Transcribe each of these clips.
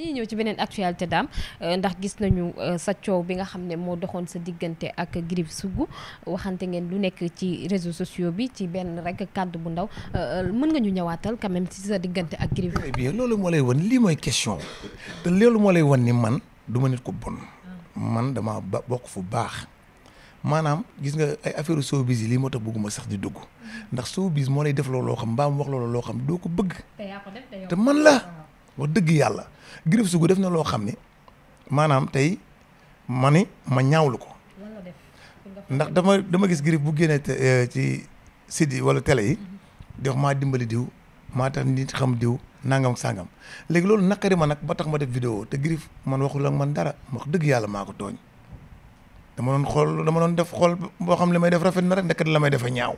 dañuy ñëw ci beneen actualité daam euh, ndax gis nañu euh, sa coow bi nga xam ne moo doxoon sa diggante ak Griff Sougou waxante ngeen lu nekk ci réseaux sociaux bi ci benn rek kàddu bu ndaw euh, mën nga ñu ñëwaatal quand même sa diggante ak Griff. très eh bien loolu moo lay wan lii mooy question te loolu moo lay wan ni man du ma nit ko bon. man dama ba bokk fu baax. maanaam gis nga ay affaire showbiz yi lii moo tax bëgguma sax di dugg ndax showbiz moo lay def looloo xam mbaam wax loolu loo xam doo ko bëgg. te man la wax dëgg yàlla Griff Sougou def na loo xam ne maanaam tey ma ni ma ñaawlu ko. ndax dama dama gis Griff bu génne euh, ci site yi wala télé yi. Mhm. di wax maa dimbali diw maa tax nit xam diw nangam sangam léegi loolu naqari ma nag ba tax ma def vidéo te Griff man waxul ak man dara wax dëgg yàlla maa ko tooñ. dama doon xool dama doon def xool boo xam li may def rafet na rek ndeket la may defa ñaaw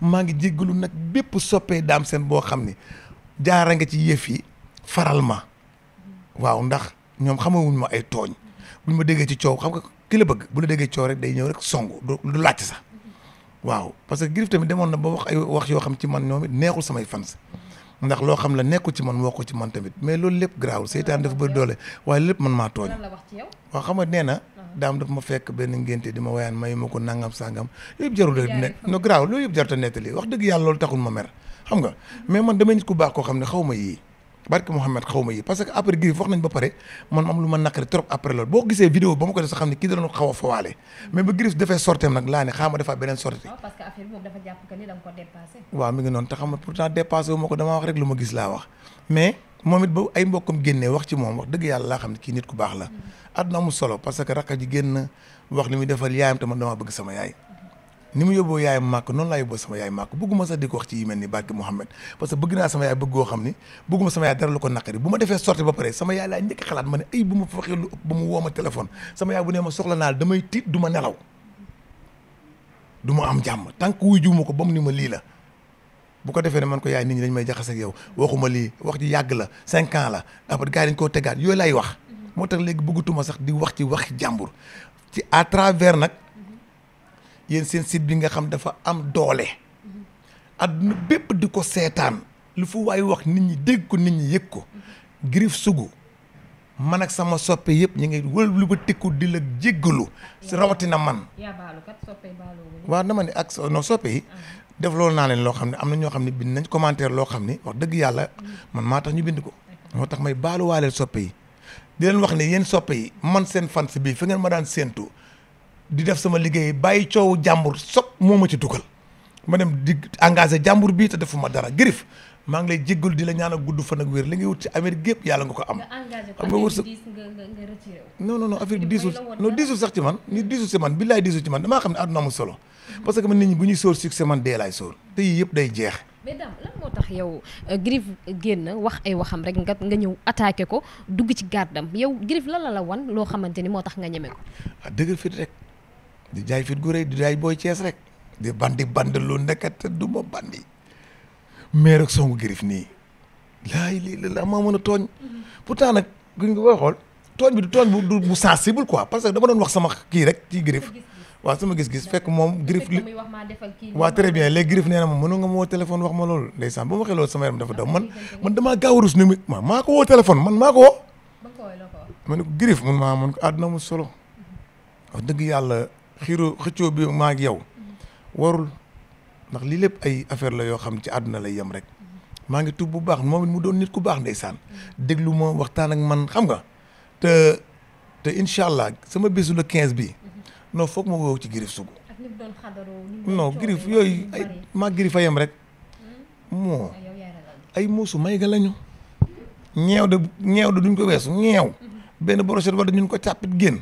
maa ngi jéggalu nag bépp soppee daam seen boo xam ni jaara nga ci yëf yi waaw ndax ñoom xamawuñ ma ay tooñ buñ ma déggee ci coow xam nga ki la bëgg bu la déggee coow rek day ñëw rek songu du laajte sax waaw parce que Griff tamit demoon na ba wax ay wax yoo xam ci man ñoom it neexul samay fans ndax loo xam la nekkul ci man wax ko ci man tamit mais loolu lépp garaawul seytaan dafa bëri doole waaye lépp man maa tooñ waaw xam nga nee na ah. daam daf ma fekk benn ngénte di ma wayaan mayu ma ko nangam sangam yooyu yëpp jarul ne no loolu yëpp jarta nettali wax dëgg yàlla taxul ma mer xam nga mais man damay nit koo xam ne xaw ma yii barke Mouhamed xaw ma parce que après Griff wax nañ ba pare man am lu ma naqari trop après loolu boo gisee vidéo ba ma ko def sa xam ne kii da a fawaale mais ba ko dépassé waaw mi ngi noonu te xam nga pourtant dépassé wu ma ko damaa wax rek lu ma gis laa wax mais moom it ba ay mbokkam génnee wax ci moom wax dëgg yàlla laa xam ne kii nit ku baax la àdduna mm-hmm. amul solo parce que rakka ji génn wax li muy defal yaayam te man dama bëgg sama yaay ni mu yóbboo yaay màkk noonu laa yóbboo sama yaay màkk bëgguma sax di ko wax ci yi mel ni barke Mouhamed parce que bëgg naa sama yaay bëggoo xam ni bëgguma sama yaay bu ma defee sorti ba pare sama yaay laa njëkk xalaat ma ne ma faxee woo ma téléphone sama yaay bu nee ma soxla naa damay tiit du ma nelaw du am jàmm tànk que wuy juuma ko ba mu ni ma lii la bu ko defee ne man ko yaay nit ñi dañ may jaxase ak yow waxuma lii wax ji yàgg la cinquant la après gars yi dañ koo tegaat yooyu lay wax moo tax léegi bëggatuma sax di wax ci wax jàmbur ci à travers nag yéen seen site bi nga xam dafa am doole adduna bépp di ko seetaan lu fu waay wax nit ñi dégg ko nit ñi yég ko Griff Sougou man ak sama soppe yëpp ñu ngi wël lu ba tikku di la jéggalu rawatina man waaw ma ne ak non soppe yi ah. def loolu naa leen loo xam ne am na ñoo xam ne bind nañ commentaire loo xam ni wax dëgg yàlla mm. man maa tax ñu bind ko moo tax may baaluwaaleel soppe yi di leen wax ni yéen soppe yi man seen fans bii fi ngeen ma daan séentu di def sama liggéey bàyyi coow jàmbur sop moo ma ci dugal ma dem di engage jàmbur bii te defuma dara Griff maa ngi lay jéggul di la ñaan a gudd fan ak wér li ngay wut ci Amérique gépp yàlla nga ko am. xam nga wërsëg non non non diisul non diisul sax ci man ni diisul ci man billaay diisul ci man damaa xam ne àdduna amul solo mm-hmm. parce que man nit ñi bu ñuy sóor succès man dee laay sóor te yii yëpp day jeex. mais Dame tax yow euh, Griff génn wax ay waxam rek nga nga ñëw attaqué ko dugg ci gardam yow Griff lan la la wan loo xamante ni moo tax nga ñeme ko. ah dëgg fi di jaay fit gu rëy di jaay booy cees rek di bandi bandi lu nekkat du ma bandi mais rek songu girif nii laay lii la la maa mën a tooñ pourtant nag guñ nga koy xool tooñ bi du tooñ bu bu sensible quoi parce que dama doon wax sama kii rek ci girif waaw sama gis-gis fekk moom girif li waaw très bien léegi girif nee na ma mënu nga ma woo téléphone wax ma loolu ndeysaan ba ma waxee loolu sama yaram dafa daw man man damaa gaaw a rus numériquement maa ko woo téléphone man maa ko woo ma ne ko girif mun maa mun ko àdduna mu solo mm-hmm. wax dëgg yàlla xiiroo xëccoo bi maa ak yow warul ndax lii lépp ay affaire la yoo xam ci àdduna lay yem rek maa ngi tuub bu baax moom mu doon nit ku baax ndeysaan déglu ma waxtaan ak man xam nga te te incha sama bésu le quinze bi noo foog ma woo ci Griff Sougou non Griff yooyu ay maa Griff a yem rek hmm? moo ay muusu may ga lañu ñeew de ñeew duñ ko weesu ñeew hmm. benn brochette wala ñun ko càppit génn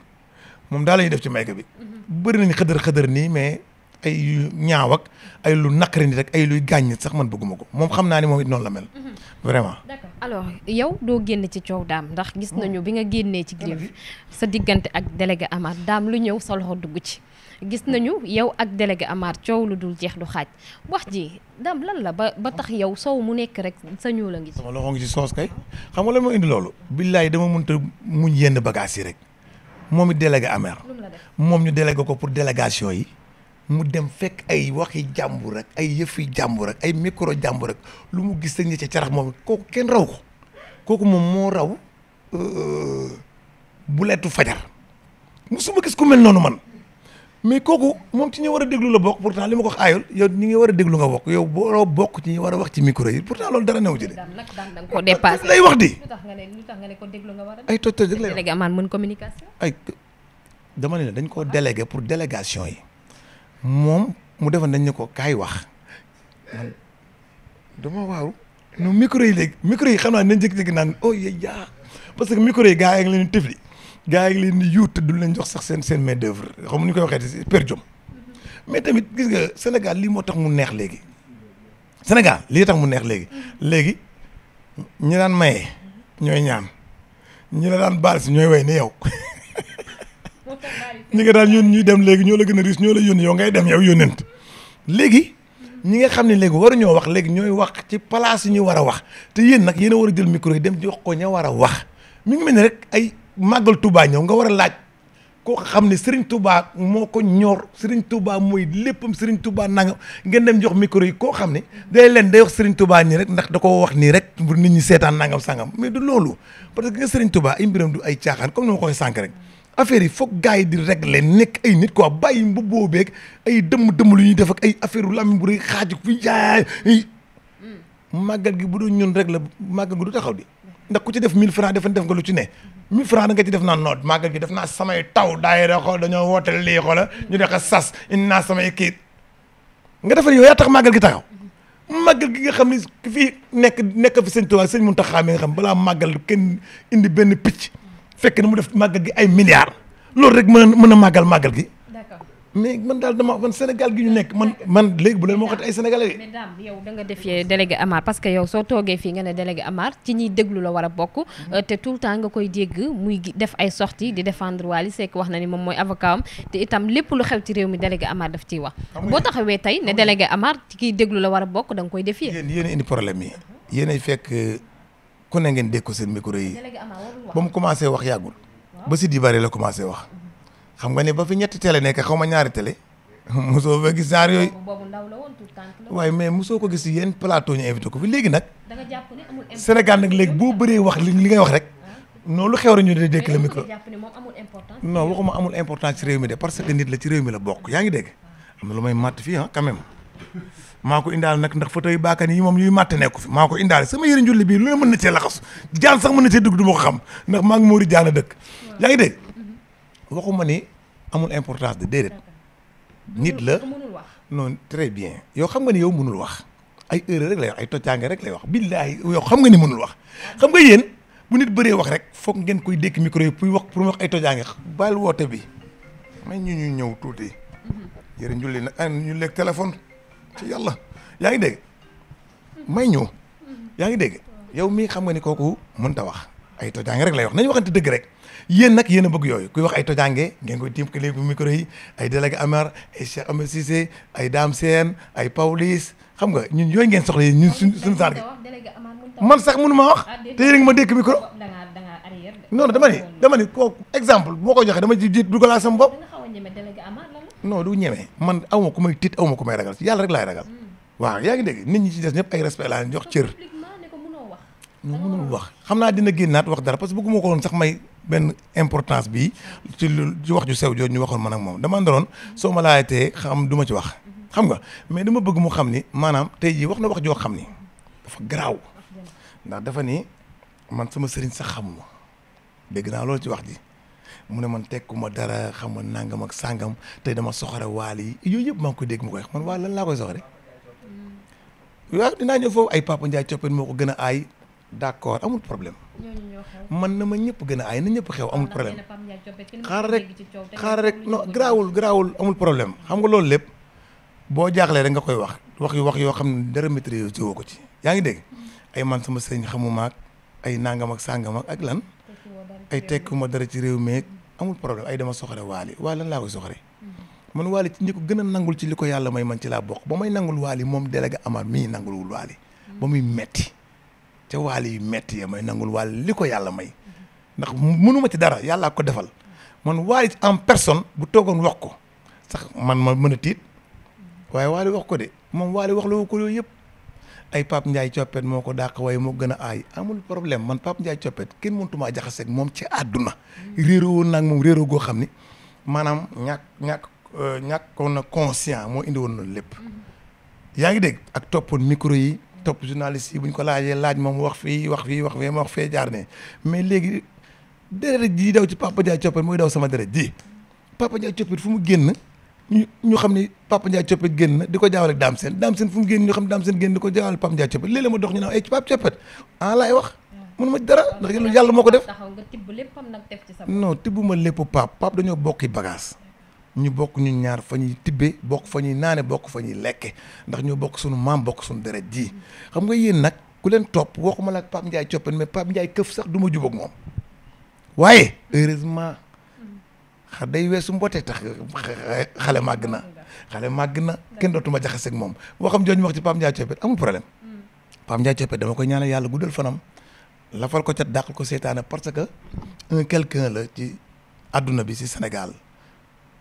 moom daal la ñuy def ci may ga bi hmm. bëri nañ xëdër xëdër nii mais ay yu ñaaw ak ay lu naqari nit rek ay luy gaañ nit sax man bëgguma ko moom xam naa ni moom it noonu la mel. Mhm. vraiment. d'accord alors yow doo génn ci coow daam ndax gis nañu bi nga génnee ci grève sa diggante ak délégué amaat daam lu ñëw sa loxo dugg ci. gis nañu yow ak délégué amaat coow lu dul jeex du xaaj wax ji daam lan la ba ba tax yow sow mu nekk rek sa ñuul a ngi ci. sama loxo ngi ci soos kay xam nga la ma indi loolu. billaay dama mënta muñ yenn bagages yi rek. moom it délégué amer moom ñu délégué ko pour délégation yi mu dem fekk ay waxi jàmbur rek ay yëfi jàmbur rek ay micro jàmbur rek lu mu gis sañ ci carax moom kooku kenn raw ko kooku moom moo raw euh, bu leetu fajar musuma gis ku mel noonu man mais kooku moom ci ñu war a déglu la bokk pourtant li ma ko wax yow ñi ngi war a déglu nga bokk yow boo bokk ci ñi war a wax ci micro yi pourtant loolu wax di. lu tax nga ne lu tax nga ne ko déglu a. ay toj toj rek ne dañ koo délégué pour délégation yi moom mu defoon nañ ne ko kaay wax man dama waaru. non micro yi léegi micro yi xam naa ne njëkk-njëkk naan oh yéen jaa parce que micro yi gars yi ak leen tifli gaa yi leen di yuut te duñ leen jox sax seen seen main d'œuvre xam ñu koy waxee per diem mais tamit gis nga Sénégal lii moo tax mu neex léegi senegal lii tax mu neex léegi léegi ñi daan maye ñooy ñaan ñi la daan baal si ñooy way ni yow ñi nga daan yónni ñuy dem léegi ñoo la gën a riis ñoo la yónni yow ngay dem yow yónnent léegi ñi nga xam ne léegi waruñoo wax léegi ñooy wax ci place yi ñu war a wax te yéen nag yéen war a jël micro yi dem jox ko ña war a wax mi ngi mel ni rek ay. màggal tubaa ñëw nga war a laaj koo xam ne Serigne Touba moo ko ñor Serigne Touba mooy léppam Serigne Touba nanga ngeen dem jox micro yi koo xam ne day leen day wax Serigne Touba nii rek ndax da ko wax nii rek bu nit ñi seetaan nangam sangam mais du loolu parce que nga Serigne Touba ay mbiram du ay caaxaan comme ni ma ko waxee sànq rek. affaire yi foog gars yi di leen nekk ay nit quoi bàyyi bu boobeeg ay dëmm dëmm lu ñuy def ak ay affaire yu làmmiñ bu rëy ko fi jaay hmm. màggal gi bu doon ñun rek la màggal gi du taxaw di ndax ku ci def 1000 francs defa def nga lu ci ne 1000 francs da nga ci def naa noot màggal gi def naa samay taw daayira xool dañoo woote lii xoola ñu dexa sas indi naa samay kiit nga defar yow yaa tax màggal gi taxaw màggal gi nga xam ni fii nekk nekk fi sëñ Tuubaa sëñ Muntaxaa mi nga xam balaa màggal kenn indi benn picc fekk na mu def màggal gi ay milliards loolu rek mën mën a màggal màggal gi mais man daal dama man Sénégal gi ñu nekk man man léegi bu leen moo xati ay sénégalais. mais daam délégué Amar parce que yow soo toogee fii nga ne délégué Amar ci ñiy la war a bokk. Mhm. Euh, te tout le temps nga koy dégg muy def ay sorties di défendre Wally Seck wax na ni moom mooy avocat itam lépp lu xew ci réew mi délégué Amar daf ciy wax. boo taxawee tey ne délégué Amar ci kiy déglu la war a bokk da nga koy def yéen. yéen indi problème yi yéenay fekk euh, ku ne ngeen dégg ko seen micro yi. délégué Amar warul ba mu commencé wax yàggul. ba si di bari la commencé wax. xam nga ne ba fi ñetti télé nekk xaw ma ñaari télé mosoo fa gis genre yooyu waaye mais mosoo ko gis yenn plateau ñu invité ko fi léegi nag Sénégal nag léegi boo bëree wax li li ngay wax rek noonu lu xew rek ñu dee dékk la ci réew mi de parce que nit la ci réew mi la bokk yaa ngi dégg ah. am na lu may matt fii ah quand maa ko indaal nag ndax fauteuil baakan yi moom yuy matt nekku fi maa ko indaal sama yëre njulli bii lu ne mën na cee laxas jaan sax mën na cee dugg du ma ko xam ndax maa ngi Mory Diane dëkk yaa waxuma ni amul importance de déedéet. nit la noon très bien. yow xam nga ni yow mënul wax ay erreur rek lay wax ay toccaange rek lay wax billaahi yow xam nga ni mënul wax. xam nga yéen bu nit bëree wax rek foog ngeen koy dékk micro yi pour wax pour wax ay toccaange baal woote bi may ñu ñuy ñëw tuuti. Mhm. yëre njulli nag an ah, ñu lekk téléphone ci yàlla yaa ngi dégg may ñu mhm. yaa ngi dégg yow mii xam nga ni kooku mënta wax ay toccaange rek lay wax nañu waxante dëgg rek. yéen nag yéen a bëgg yooyu kuy wax ay tojange ngeen koy tiim léegi micro yi ay délégué Amar ay Cheikh Ahmed Cissé ay daam Sène ay Paulis xam nga ñun yooyu ngeen soxla yéen ñun suñ suñu saar gi man sax mënu maa wax ah, te yéen ngi ma dékk micro non non dama ni dama ni kooku exemple boo ko joxee dama ji jiit dugalaa sama bopp non du ñeme man awma ku may tiit awma ku may ragal yàlla rek laay ragal hmm. waaw yaa ngi dégg nit ñi ci des ñëpp ay respect laa jox cër mënul wax xam naa dina génnaat wax dara parce que bëgguma ko woon sax may benn importance bi ci lu ci wax ju sew jooju ñu waxoon man ak moom dama andaloon soo ma laajatee xam duma ci wax. xam nga mais dama bëgg mu xam ni maanaam tey wax na wax joo xam ni dafa garaaw ndax dafa ni man sama sëriñ sax xamuma dégg naa loolu ci wax ji mu ne man tekkuma dara xam nga nangam ak sangam te dama soxore waal yi yooyu yëpp maa ngi koy dégg ma koy wax man waa lan laa koy soxore mm. waaw dinaa ñëw foofu ay Papa Ndiaye coppeen moo ko gën aay d'accord amul problème man na ma ñëpp gën a ay na ñëpp xew amul problème xaaral rek xaaral rek non garaawul garaawul amul problème xam nga loolu lépp boo jaaxlee rek nga koy wax wax yu wax yoo xam ne dara maîtrise woo ko ci yaa ngi dégg ay man sama sëñ xamumaak ay nangam ak sàngam ak lan ay tekkuma dara ci réew mi amul problème ay dama soxore waali waali lan laa koy soxore mm-hmm. man waali ci ñi ko gën a nangul ci li ko yàlla may man ci laa bokk ba may nangul waali moom délégué Amar mii nangulwul waali ba muy metti ca waal yu metti ya may nangul waal li ko yàlla may ndax mënuma ci dara yàllaa ko defal man waali am personne bu toogoon wax ko sax man ma mën a tiit waaye waali wax ko de moom waali wax la ko yooyu yëpp ay Pape Ndiaye coppet moo ko dàq waaye moo gën a aay amul problème man Pape Ndiaye coppet kenn mëntumaa jaxaseeg moom ci àdduna réeroo woon naag moom réeroo goo xam ni maanaam ñàkk ñàkk euh, ñàkkoon na conscient moo indi woon lépp yaa ngi dégg ak toppoon micro yi topp journaliste yi bu ñu ko laajee laaj moom wax fii wax fii wax fii ma wax fee jaar ne mais léegi deret ji daw ci Papa Ndiaye Coppet mooy daw sama deret ji Papa Ndiaye Coppet fu mu génn ñu ñu xam ni Papa Ndiaye Coppet génn di ko jaawale Dame Sène Dame Sène fu mu génn ñu xam ne Dame Sène génn di ko jaawale Papa Ndiaye Coppet léeg-léeg ma dox ñu naan ay eh, Papa Coppet ah laay wax mun ma dara ndax yàlla moo ko def non tibbuma lépp pap pap dañoo bokki bagage ñu bokk ñu ñaar fa ñuy tibbe bokk fa ñuy naane bokk fa ñuy lekke ndax ñoo bokk suñu maam bokk suñu deret ji xam nga yéen nag ku leen topp waxuma la ak Pape Ndiaye coppen mais Pape Ndiaye këf sax du ma jubóog moom waaye heureusement xa day weesu mbotee tax xale màgg na xale màgg na kenn dootuma jaxaseeg moom boo xam jooju wax ci Pape Ndiaye coppen amul problème Pape Ndiaye dama koy ñaanal yàlla guddal fanam lafal ko ca dàqal ko seetaane parce que un quelqu'un la ci àdduna bi si Sénégal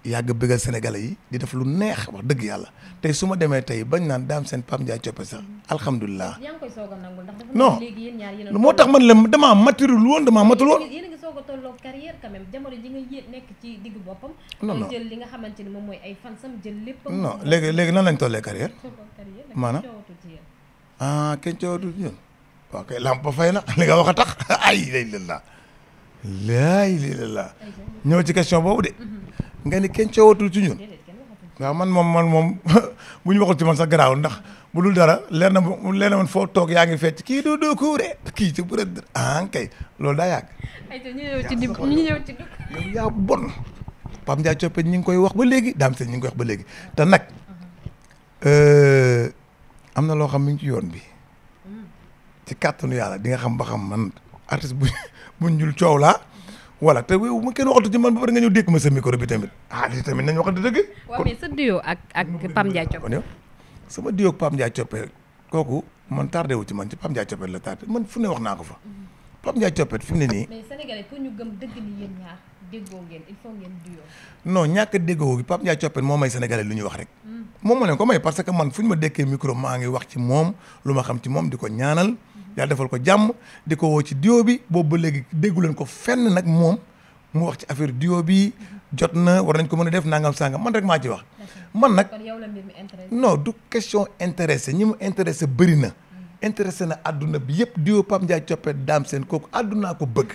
yàgg bëggal sénégalais yi di def lu neex wax dëgg yàlla tey su ma demee tey bañ naan daam seen Pape Ndiaye coppe sax alhamdulilah. yaa a nangul ndax moo tax man la a ngi soog a tolloo carrière quand même léegi léegi nan lañ tollee carrière. maanaam kenn coowatul ci yéen. Ah, lamp fay na li nga wax a tax ay lay lillah ñëw ci question boobu de mm-hmm. nga ni kenn coowatul ci ñun waaw man moom man moom bu ñu waxul ci man sa garaawul ndax bu dul dara leer na leer na man foo toog yaa ngi fecc kii du dukuure kii ci bu rëdd ah kay loolu daa yàgg. ayca ñu ci di ñu ñëw ci yow yaa bon Pape ñi ngi koy wax ba léegi Dame Sène ñi ngi wax ba léegi te nag euh, am na loo xam mu ngi ci yoon bi mm. ci kàttanu yàlla di nga xam ba xam man artiste bu bu ñuul coow laa. voilà te wéewu ma kenn waxatu ci man ba pare nga ñëw dékk ma sa micro bi tamit ah li tamit nañ waxante dëgg. waaw mais sa duo ak ak Pam Ndiaye Coppe. sama duo ak Pam kooku man tardé wu ci man Pam Ndiaye Coppe la tardé man fu ne wax naa ko fa. Mm-hmm. Pam Ndiaye Coppe fi ne nii. mais Sénégalais pour ñu gëm dëgg ni ñàkk déggoo gi Pam Ndiaye moo may Sénégalais lu ñuy wax rek. Mm. moom moo leen ko may parce que man fu ñu ma dékkee micro maa ngi wax ci moom lu ma xam ci moom di ko ñaanal yàlla defal ko jàmm di ko woo ci duo bi boobu ba léegi déggu leen ko fenn nag moom mu wax ci affaire duo bi jot na war nañ ko mën a def nangam sangam man rek maa ci wax. man nag kon du question intéressé ñi mu intéressé bëri na. Mm. intéressé na àdduna bi yëpp duo Pape Ndiaye Coppé Dame seen kooku àddunaa ko bëgg.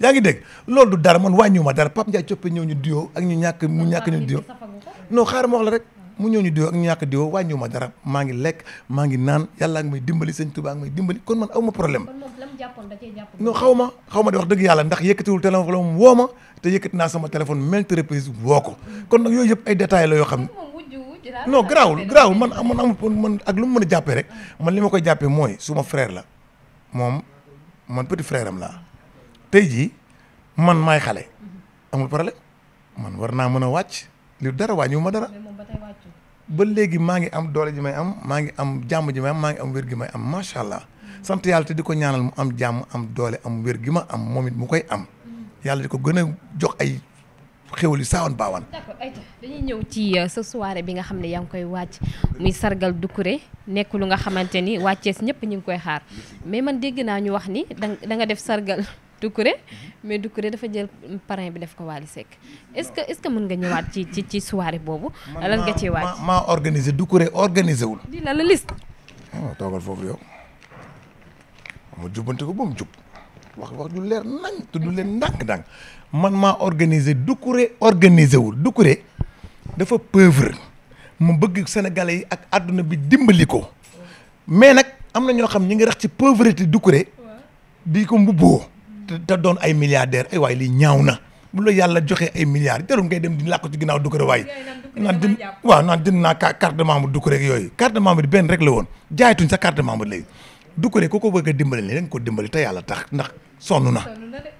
yaa ngi dégg loolu du dara man wàññiwuma dara Pape Ndiaye Coppé ñëw ñu duo ak ñu ñàkk mu ñàkk ñu duo non xaaral ma wax la rek. mu ñëw ñu diw ak ñu ñàkk diw wàññiwu ma dara maa ngi lekk maa ngi naan yàlla ngi may dimbali sëñ Tuubaa ngi may dimbali kon man aw ma problème non xaw ma xaw ma di wax dëgg yàlla ndax yëkkatiwul téléphone woo ma te yëkkati naa sama téléphone maintes reprises woo ko kon nag yooyu yëpp ay détails la yoo xam ne non garaawul garaawul man man amul man ak lu mu mën a jàppee rek man li ma koy jàppee mooy suma frère la moom man petit frère am laa tey jii man maay xale amul problème man war naa mën a wàcc li dara wàññiwu ma dara ba léegi maa ngi am doole ji may am maa ngi am jàmm ji may am maa ngi am wér gi may am macha allah sant yàlla te di ko ñaanal mu am jàmm am doole am wér gi ma am moom it mu koy am yàlla di ko gën a jox ay xéwal yu saawan baawan. d'accord ñëw ci euh, sa soirée bi nga xam ne yaa ngi koy wàcc muy sargal Doucouré nekk lu nga xamante ni wàccees ñëpp ñu ngi koy xaar mais man dégg naa ñu wax ni da nga def sargal. Doucouré mais Doucouré dafa jël parrain bi def ko Wally Seck est-ce est-ce que mën nga ñëwaat ci ci ci soirée boobu. lan nga ciy waaj maa organisé Doucouré organisé wul. di la la liste. waaw ah, toogal foofu yow mu ko ba mu jub wax wax ju leer leen ndànk-ndànk man maa organisé Doucouré organisé wul Doucouré dafa pauvre mu bëgg Sénégalais yi ak àdduna bi dimbali ko mais nag am na ñoo xam ñi ngi rax ci pauvreté Doucouré di ko mbubboo. te doon ay milliardaire ay waay lii ñaaw na bu la yàlla joxee ay milliards jarul ngay dem di làkk ci ginnaaw Doucouré waay naan din waaw naan din naa carte de membre Doucouré ak yooyu carte de membre benn rek la woon jaaytuñ sa carte de membre léegi Doucouré ku ko bëgg a ne dañ ko dimbali te yàlla tax ndax sonn na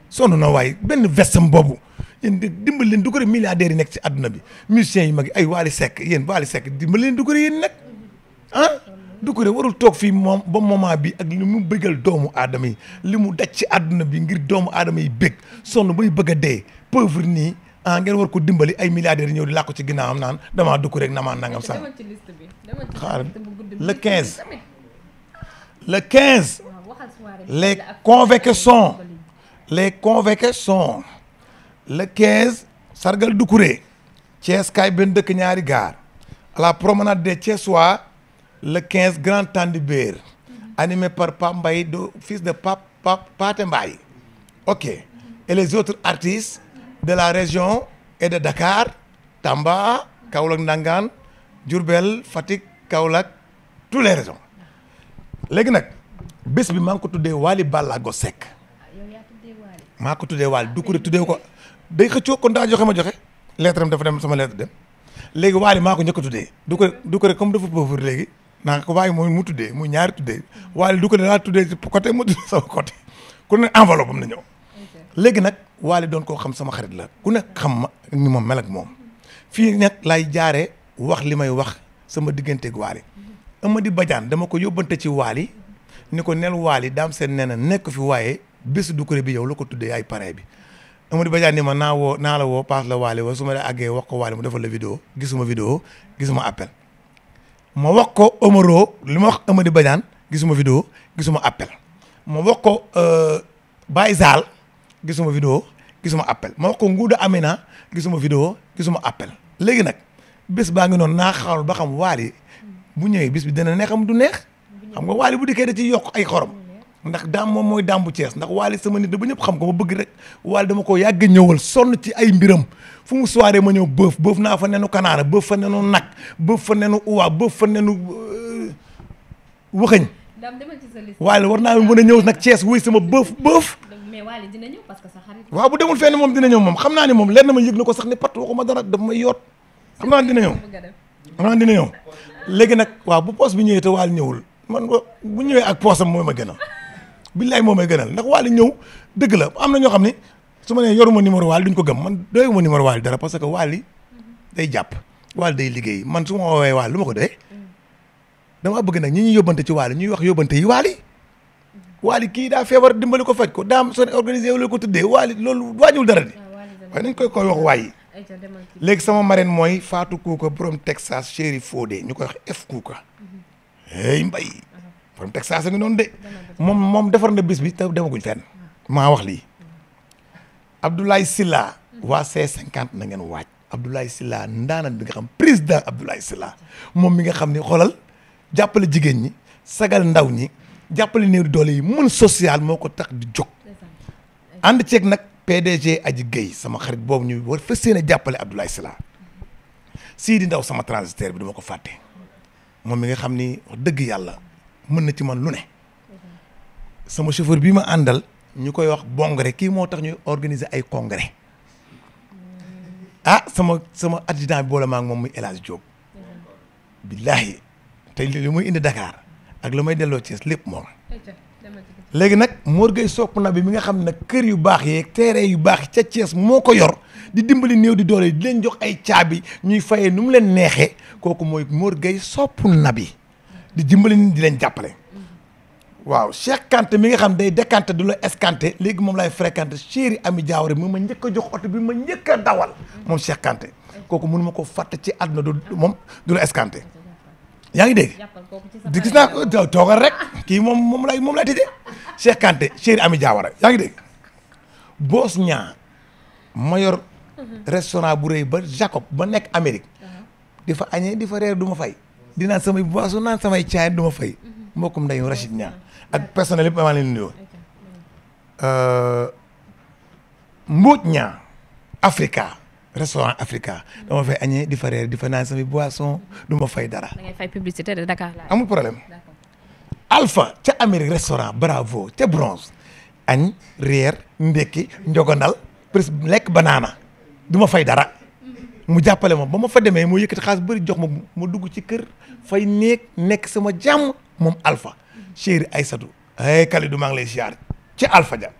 sonn na waaye benn vestam boobu yéen dimbali leen Doucouré milliardaires yi nekk ci àdduna bi musiciens yi mag ay Wally Seck yéen Wally sekk dimbali leen Doucouré yéen nag ah Doucouré warul toog fii moom ba moment bi ak li mu bëggal doomu aadama yi li mu daj ci àdduna bi ngir doomu aadama yi bëgg sonn bay bëgg a dee pauvre nii ah war ko dimbali ay milliardaires yi ñëw di làkk ci ginnaawam naan damaa Doucouré rek namaa nangam sax xaar le 15 le 15 les convoqués sont les convoqués le 15 sargal Doucouré Thiès kaay benn dëkk ñaari gaar à la promenade des Thiessois le 15 Grand Tandibéer animé par Pape Mbaye do fils de Pape Pape Pathé Mbaye ok et les autres artistes de la région et de Dakar Tamba Kaolack Ndangaan jurbel Fatick Kaolack tous les régions léegi nag bés bi maa ngi ko tuddee Wally Ballago Seck maa ko tuddee Wally du ko tuddee ko day xëccoo kon daa joxe ma joxe lettre am dafa dem sama lettre dem léegi Wally maa ko njëkk a tuddee du ko du ko comme dafa pauvre léegi naa ko bàyyi mooy mu tuddee mu ñaari tuddee waale du ko ne laa tuddee ci côté mu tuddee sama côté ku ne enveloppe am na léegi nag waale doon koo xam sama xarit la ku nekk xam ma ni ma mel moom fii nag lay jaare wax li may wax sama digganteeg waale. di bajaan dama ko yóbbante ci waali ni ko nel waali daam seen nee na nekk fi waaye bés du kuré bi yow lu ko tuddee ay parrain bi Amady Badiane ni ma naa woo naa la woo paas la waali wa su ma la àggee wax ko waali mu defal la video gisuma vidéo gisuma appel. ma wax ko Omaro li ma wax Amady Badiane gisuma vidéo ma appel ma wax ko euh, Baye Zal gisuma vidéo gisuma appel ma wax ko Nguuda Amina gisuma vidéo gisuma appel léegi nag bés baa ngi noonu naa xaarul ba xam waali bu ñëwee bis bi dina neexam du neex mm-hmm. xam nga waali bu dikkee da ciy yokk ay xorom ndax daam moom mooy daam bu Cees ndax Waly sama nit da ba ñëpp xam ko ma bëgg rek Waly dama ko yàgg ñëwal sonn ci ay mbiram fu mu soirée ma ñëw bëf bëf naa fa nenu kanaara bëf fa nenu nag bëf fa nenu uwa bëf fa nenu euh, waxañ Waly war naa mën a ñëw nag Cees wuy sama bëf bëf waaw bu demul fenn moom dina ñëw moom xam naa moom lenn ma yëg na ko sax ne pat waxuma dara daf ma yoot xam naa dina ñëw xam naa dina ñëw léegi nag waaw bu poos bi ñëwee te Waly ñëwul man bu ñëwee ak poosam mooy ma gën a billaay moom may gënal ndax Wally ñëw dëgg la am na ñoo xam ne su ma nee yoruma numéro Wally duñ ko gëm man doyuma numéro Wally dara parce que Wally day jàpp Wally day liggéey man su ma woowee Wally lu ma ko doyee damaa bëgg nag ñi ñuy yóbbante ci Wally ñuy wax yóbbante yi Wally Wally kii daa feebar dimbali ko faj ko daam soo organisé wu la ko tuddee Wally loolu wàññiwul dara de waaye nañ koy koy wax waay léegi sama marraine mooy Fatou Kouka borom Texas foo dee ñu koy wax F Kouka hey mbay borom Texas a noonu de moom moom defar na bis bi te demaguñ fenn maa wax lii Abdoulaye Sylla waa C50 na ngeen waaj Abdoulaye Sylla ndaanaan bi nga xam président Abdoulaye Sylla moom mi nga xam ni xoolal jàppale jigéen ñi sagal ndaw ñi jàppale néew doole yi mën social moo ko tax di jog ànd ceeg nag PDG aj Guèye sama xarit boobu ñu war fas yéene jàppale Abdoulaye Sylla sii di ndaw sama transitaire bi dama ko fàtte moom mi nga xam ni wax dëgg yàlla mën na ci man lu ne sama chauffeur bii ma àndal ñu koy wax bongre kii moo tax ñuy organiser ay congrès ah sama sama adjudant bi boole maak moom muy El Hadj Diop billaahi te li muy indi Dakar ak la may delloo Thiès lépp moom léegi nag Mor Gueye sopp na bi mi nga xam ne kër yu baax yeeg teere yu baax ca Thiès moo ko yor di dimbali néew di doole di leen jox ay caabi ñuy fayee nu mu leen neexee kooku mooy Mor Gueye sopp na bi di dimbali nit di leen jàppale. waaw Cheikh Kanté mi nga xam day décanté du la escanté léegi moom lay fréquenté chéri Ami Diawara mi ma njëkk a jox oto bi ma njëkk a dawal moom Cheikh Kanté kooku mënu ma ko fàtte ci àdduna du moom du la escanté yaa ngi dégg di gis naa ko toogal rek kii moom moom lay moom lay tëjee Cheikh Kanté chéri Ami Diawara yaa ngi dégg boos ñaa ma yor mhm. restaurant bu rëy ba Jacob ba nekk Amérique mhm. di fa añee di fa reer du fay dinaan samay boisson naan samay caay du fay mhm. mbokkum ndeyu Rachid Niang mhm. ak personnel yëpp maa leen nuyoo euh, Mbodj Niang Africa restaurant Africa mhm. dama fay añee di fa reer di fa naan samay boisson du ma fay dara. da problème Alpha ca Amérique restaurant Bravo ca Bronze añ reer ndekki njogondal presque lekk banaana du fay dara. mu jàppale ma ba ma fa demee moo yëkkati xaalis bëri jox ma ma dugg ci kër fay néeg nekk sama jàmm moom Alpha chéri Aïssatou ay Kalidou maa ngi lay ziar ci Alpha Dia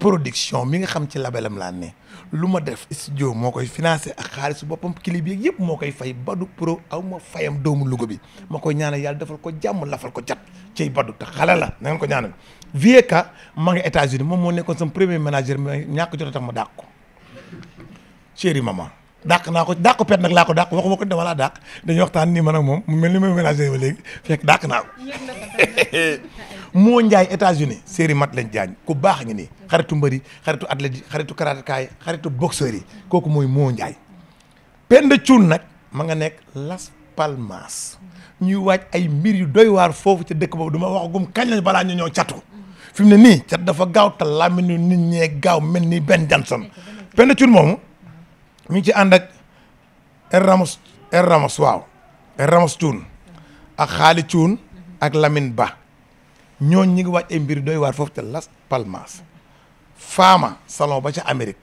production mi nga xam ci labelam laa ne lu ma def studio moo koy financé ak xaalisu boppam clip bi yëpp moo koy fay ba du pro aw ma fayam doomu Louga bi ma koy ñaanal yàlla defal ko jàmm lafal ko cat ciy Badou te xale la na ngeen ko ñaanal Vieka maa ngi États-Unis moom moo nekkoon sama premier manager mais ñàkk jot a tax ma dàq ko chéri mama dàq naa ko dàq pet nag laa ko dàq waxuma ko dama laa dàq waxtaan nii man ak moom mu mel ni may ménager ba léegi fekk dàq naa ko moo njaay États-Unis séeri mat lañ jaañ ku baax ngi nii xaritu mbër yi xaritu athlète yi xaritu karatekaay yi xaritu boxeur yi kooku mooy moo njaay Penda Cuun nag ma nga nekk Las Palmas ñuy waaj ay mbir yu doy waar foofu ca dëkk boobu duma wax gum kañ lañ balaa ñu ñëw catu fi mu ne nii cat dafa gaaw tal mel làmmiñu nit ñee gaaw mel ni Ben Johnson Penda Cuun moomu mi ngi ci ànd ak R Ramos R Ramos waaw R Ramos Thioune ak Xaali Thioune ak lamin Ba ñooñ ñi ngi wàcc ay mbir doy waar foofu te Las Palmas faama salon ba ca Amérique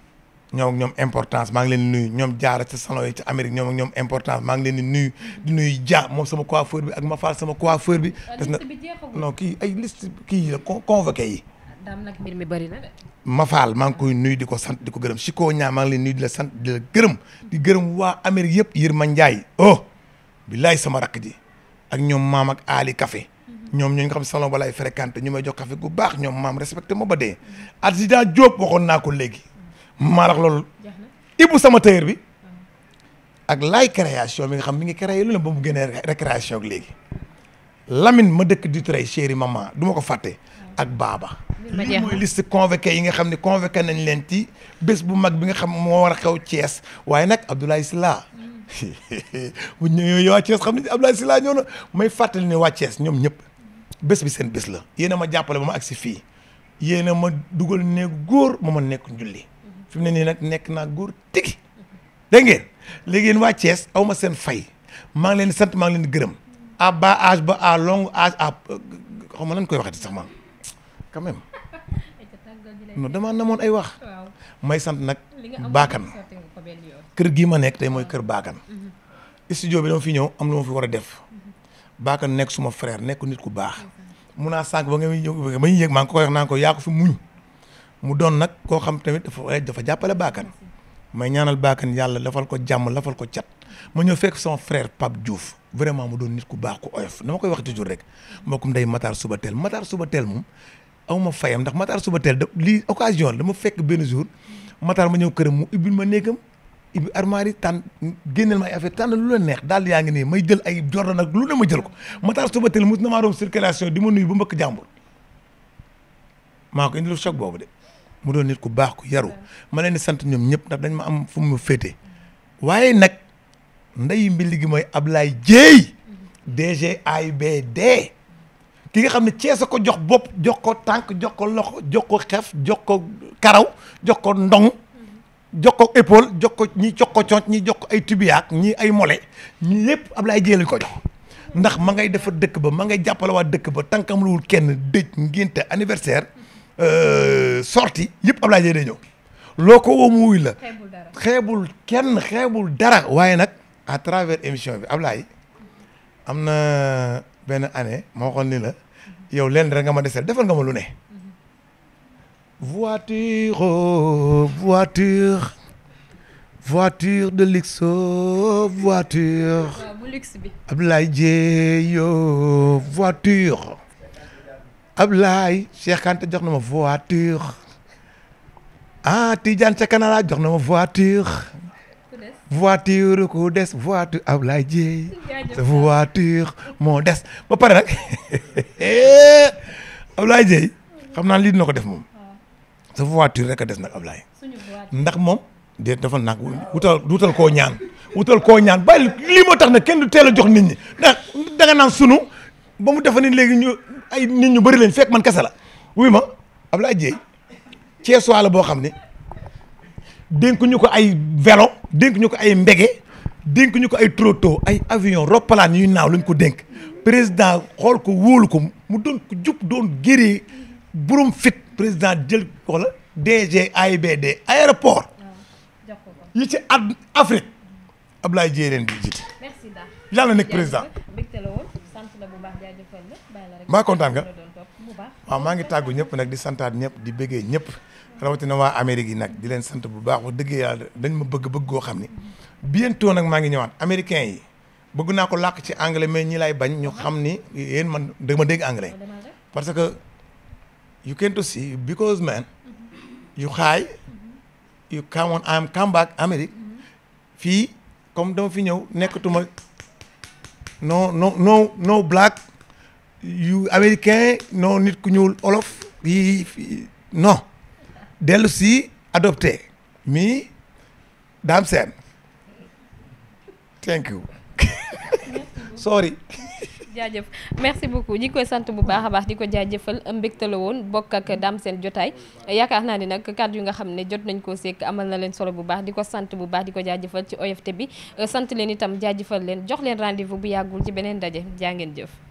ñoom ñoom importance maa ngi leen nuyu ñoom jaara ca salon yi ca Amérique ñoom ñoom importance maa ngi leen di nuyu di nuyu ja moom sama coiffeur bi ak ma faal sama coiffeur bi ah, des na non kii ay liste yi daam nag mbir mi bëri na de. Mafal ngi koy nuyu di ko sant di ko gërëm Chiko ñaa maa ngi lay nuyu di la sant di la gërëm di gërëm waa Amérique yëpp Yirma o bi billaay sama rakk ji ak ñoom maam ak Ali Café ñoom ñooñu nga xam salon ba lay fréquenté ñu may jox café gu baax ñoom maam respecté ma ba dee adjudant Diop waxoon naa ko léegi maa rax loolu ibu sama tailleur bi ak laay création bi nga xam mi ngi créé loolu ba mu génnee récréation ak léegi lamin ma dëkk du tray chéri du ma ko fàtte ak baaba lii mooy liste convoqué yi nga xam ne convoqué nañ leen ci bés bu mag bi nga xam moo war a xew Thiès waaye nag Abdoulaye Sylla mm. bu ñëwee waa Thiès xam ne Abdoulaye Sylla ñëw na may fàttali ne waa Thiès ñoom ñëpp bés bi seen bés la yéen a ma jàppale ba ma agsi fii yéen a ma dugal ne góor ma ma nekk njulli mm-hmm. fi mu ne nii nag nekk naa góor tigi dégg ngeen léegi yéen waa Thiès aw ma seen fay maa ngi leen sant maa ngi leen gërëm a ba âge ba à long âge euh, ma lan koy waxati sax man quand même non dama ay wax may sant nag baakan kër gii ma nekk tey mooy kër baakan mm-hmm. studio bi dama ñëw am lu ma fi war mm-hmm. baakan nekk suma frère nekk nit ku baax mun naa sànq ba nga ñëw ba ñu yëg maa ngi ko wax naa ko yaa ko fi muñ mu doon nag koo xam tamit dafa eh, dafa jàppale baakan may ñaanal baakan yàlla lafal ko jàmm lafal ko cat ma ñëw fekk sama frère Pape Diouf vraiment mu doon nit ku baax ku oyof dama koy wax toujours rek mm-hmm. mbokkum day Matar Suba teel Matar Suba teel moom aw ma fayam ndax Matar suba teel da lii occasion la dama fekk benn jour Matar ma ñëw këram mu ubbil ma néegam ubbi ar yi tànn génneel ma ay affaire tànn lu la neex daal yaa ngi nii may jël ay Jordan nag lu la ma jël ko Matar suba teel mos na maa doon circulation di ma nuyu ba mbëkk jàmbur maa ko indil choc boobu de mu doon nit ku baax ku yaru ma leen di sant ñoom ñëpp ndax dañ ma am fu mu féete waaye nag ndeyu mbi gi mooy Ablaye Dieye DG AIBD ki nga xam ne Cees a ko jox bopp jox ko tànk jox ko loxo jox ko xef jox ko karaw jox ko ndong jox ko épaule jox ko ñi jox ko conc ñi jox ko ay tibiyaak ñi ay mole ñi lépp Ablaye Dieng lañ ko jox ndax ma ngay defa dëkk ba ma ngay jàppale waa dëkk ba tànkam luwul kenn dëj ngénte anniversaire euh, sortie yëpp Ablaye Dieng day ñëw loo ko woo mu wuy la xeebul kenn xeebul dara waaye nag à travers émission bi Ablaye am na benn année moo waxoon ni la yow leen rek nga ma desee defal nga ma lu ne. voiture oh, voiture de luxe oh, voiture. Ablaye Dieng yo voiture. Ablaye Cheikh Kanté jox na ma voiture. ah Tidiane ca Canada jox na ma voiture. voiture ku des voiture Ablaye Dieye sa voiture moo des ba pare nag Ablaye Dieye xam naa lii dina ko def moom ah. sa voiture rek a des nag Ablaye ndax moom de dafa nag wutal wutal koo ñaan wutal koo ñaan bàyyi lii moo tax nag kenn du teel a jox nit ñi ndax danga naan sunu ba mu defa ni léegi ay nit ñu bari leen fekk man kese la wuy ma Ablaye Dieye Cees la boo xam ne dénk ñu ko ay vélo dénk ñu ko ay mbege dénk ñu ko ay troto ay avion roppalaan yuy naaw lañ ko dénk président xool ko wóolu ko mu doon ko jub doon gëree borom fit président jël ko la DG AIBD aéroport yi ci ad Afrique Ablaye Dieye leen di jiite yàlla nekk président maa kontaan nga waaw maa ngi tàggu ñëpp nag di santaat ñëpp di bëggee ñëpp rawatina waa Amérique yi nag di leen sant bu baax wax dëgg yàlla dañ ma bëgg bëgg goo xam ni bientôt nag maa ngi ñëwaat américain yi bëgg naa ko làkk ci anglais mais ñi lay bañ ñu xam ni yéen man dama dégg anglais parce que you came to see because man you high you come on I am come back Amérique fii comme dama fi ñëw nekkatuma no no no no black you américain no nit ku ñuul olof yi non dellu si adopté mi Dame Sène thank you sorry jaajëf merci beaucoup ñi koy sant bu baax a baax di ko jaajëfal mbégte la woon bokk ak Dame seen jotaay yaakaar naa ni nag kàddu yu nga xam ne jot nañ koo sekk amal na leen solo bu baax di ko sant bu baax di ko jaajëfal ci oyofte bi sant leen itam jaajëfal leen jox leen rendez-vous bu yàggul ci beneen daje jaa ngeen jëf